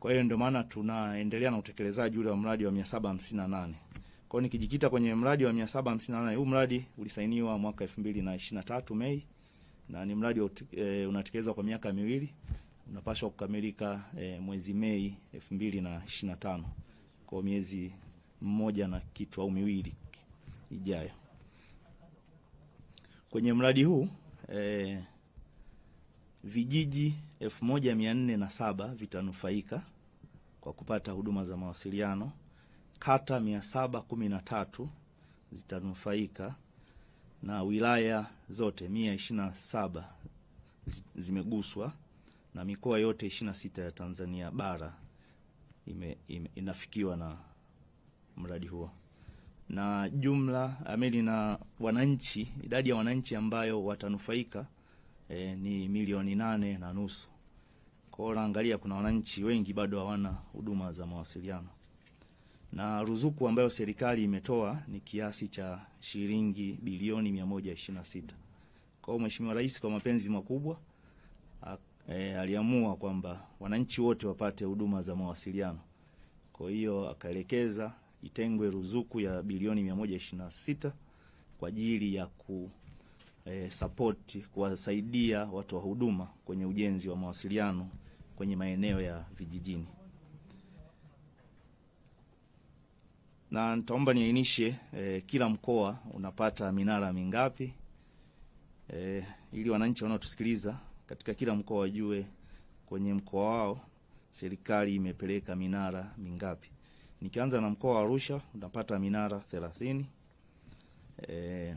Kwa hiyo ndio maana tunaendelea na utekelezaji ule wa mradi wa 758. Kwa hiyo nikijikita kwenye mradi wa 758, huu mradi ulisainiwa mwaka 2023 Mei na ni mradi e, unatekelezwa kwa miaka miwili, unapaswa kukamilika e, mwezi Mei 2025 kwa miezi mmoja na kitu au miwili ijayo. Kwenye mradi huu e, Vijiji 1407 vitanufaika kwa kupata huduma za mawasiliano, kata 713 zitanufaika na wilaya zote 127 zimeguswa na mikoa yote 26 ya Tanzania bara ime, ime, inafikiwa na mradi huo na jumla ameli na wananchi, idadi ya wananchi ambayo watanufaika e, ni milioni nane na nusu. Kwa hiyo naangalia kuna wananchi wengi bado hawana huduma za mawasiliano, na ruzuku ambayo serikali imetoa ni kiasi cha shilingi bilioni 126. Kwa hiyo Mheshimiwa Rais kwa mapenzi makubwa e, aliamua kwamba wananchi wote wapate huduma za mawasiliano. Kwa hiyo akaelekeza itengwe ruzuku ya bilioni 126 kwa ajili ya ku eh, support kuwasaidia watu wa huduma kwenye ujenzi wa mawasiliano kwenye maeneo ya vijijini. Na nitaomba niainishe eh, kila mkoa unapata minara mingapi eh, ili wananchi wanaotusikiliza katika kila mkoa wajue kwenye mkoa wao serikali imepeleka minara mingapi. Nikianza na mkoa wa Arusha unapata minara thelathini. Eh,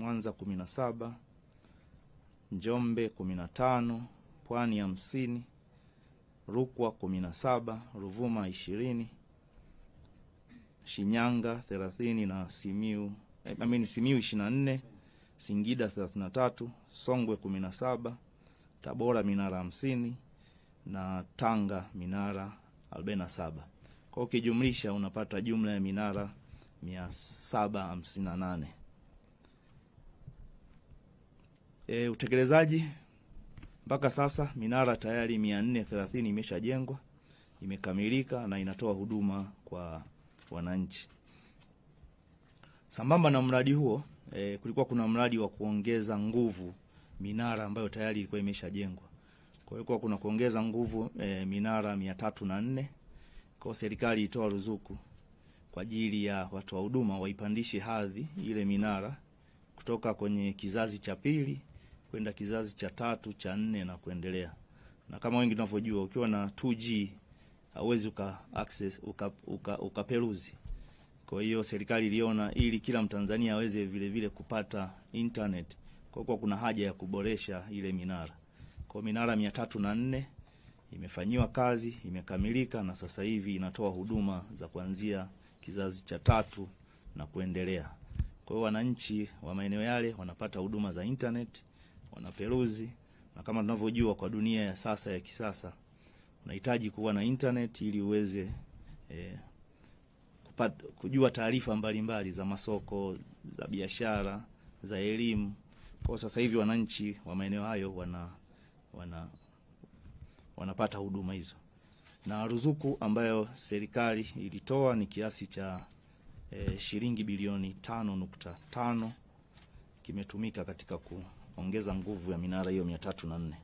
Mwanza kumi na saba, Njombe kumi na tano, Pwani hamsini, Rukwa kumi na saba, Ruvuma ishirini, Shinyanga thelathini na Simiu eh, amini Simiu ishirini na nne, Singida thelathini na tatu, Songwe kumi na saba, Tabora minara hamsini na Tanga minara arobaini na saba. Kwa ukijumlisha unapata jumla ya minara mia saba hamsini na nane. E, utekelezaji mpaka sasa minara tayari 430 imeshajengwa imekamilika na inatoa huduma kwa wananchi. Sambamba na mradi huo e, kulikuwa kuna mradi wa kuongeza nguvu minara ambayo tayari ilikuwa imeshajengwa. Kwa hiyo kuna kuongeza nguvu e, minara 304 kwa serikali itoa ruzuku kwa ajili ya watu wa huduma waipandishe hadhi ile minara kutoka kwenye kizazi cha pili kwenda kizazi cha tatu cha nne na kuendelea. Na kama wengi tunavyojua, ukiwa na 2G hauwezi uka access ukaperuzi uka, uka kwa hiyo serikali iliona ili kila Mtanzania aweze vile vile kupata internet, kwa kuwa kuna haja ya kuboresha ile minara. Kwa minara mia tatu na nne imefanyiwa kazi, imekamilika na sasa hivi inatoa huduma za kuanzia kizazi cha tatu na kuendelea. Kwa hiyo wananchi wa maeneo yale wanapata huduma za internet wanaperuzi, na kama tunavyojua kwa dunia ya sasa ya kisasa unahitaji kuwa na internet ili uweze eh, kujua taarifa mbalimbali za masoko, za biashara, za elimu. Kwa sasa hivi wananchi wa maeneo hayo wana, wana, wanapata huduma hizo, na ruzuku ambayo serikali ilitoa ni kiasi cha e, shilingi bilioni tano nukta tano kimetumika katika ku ongeza nguvu ya minara hiyo mia tatu na nne.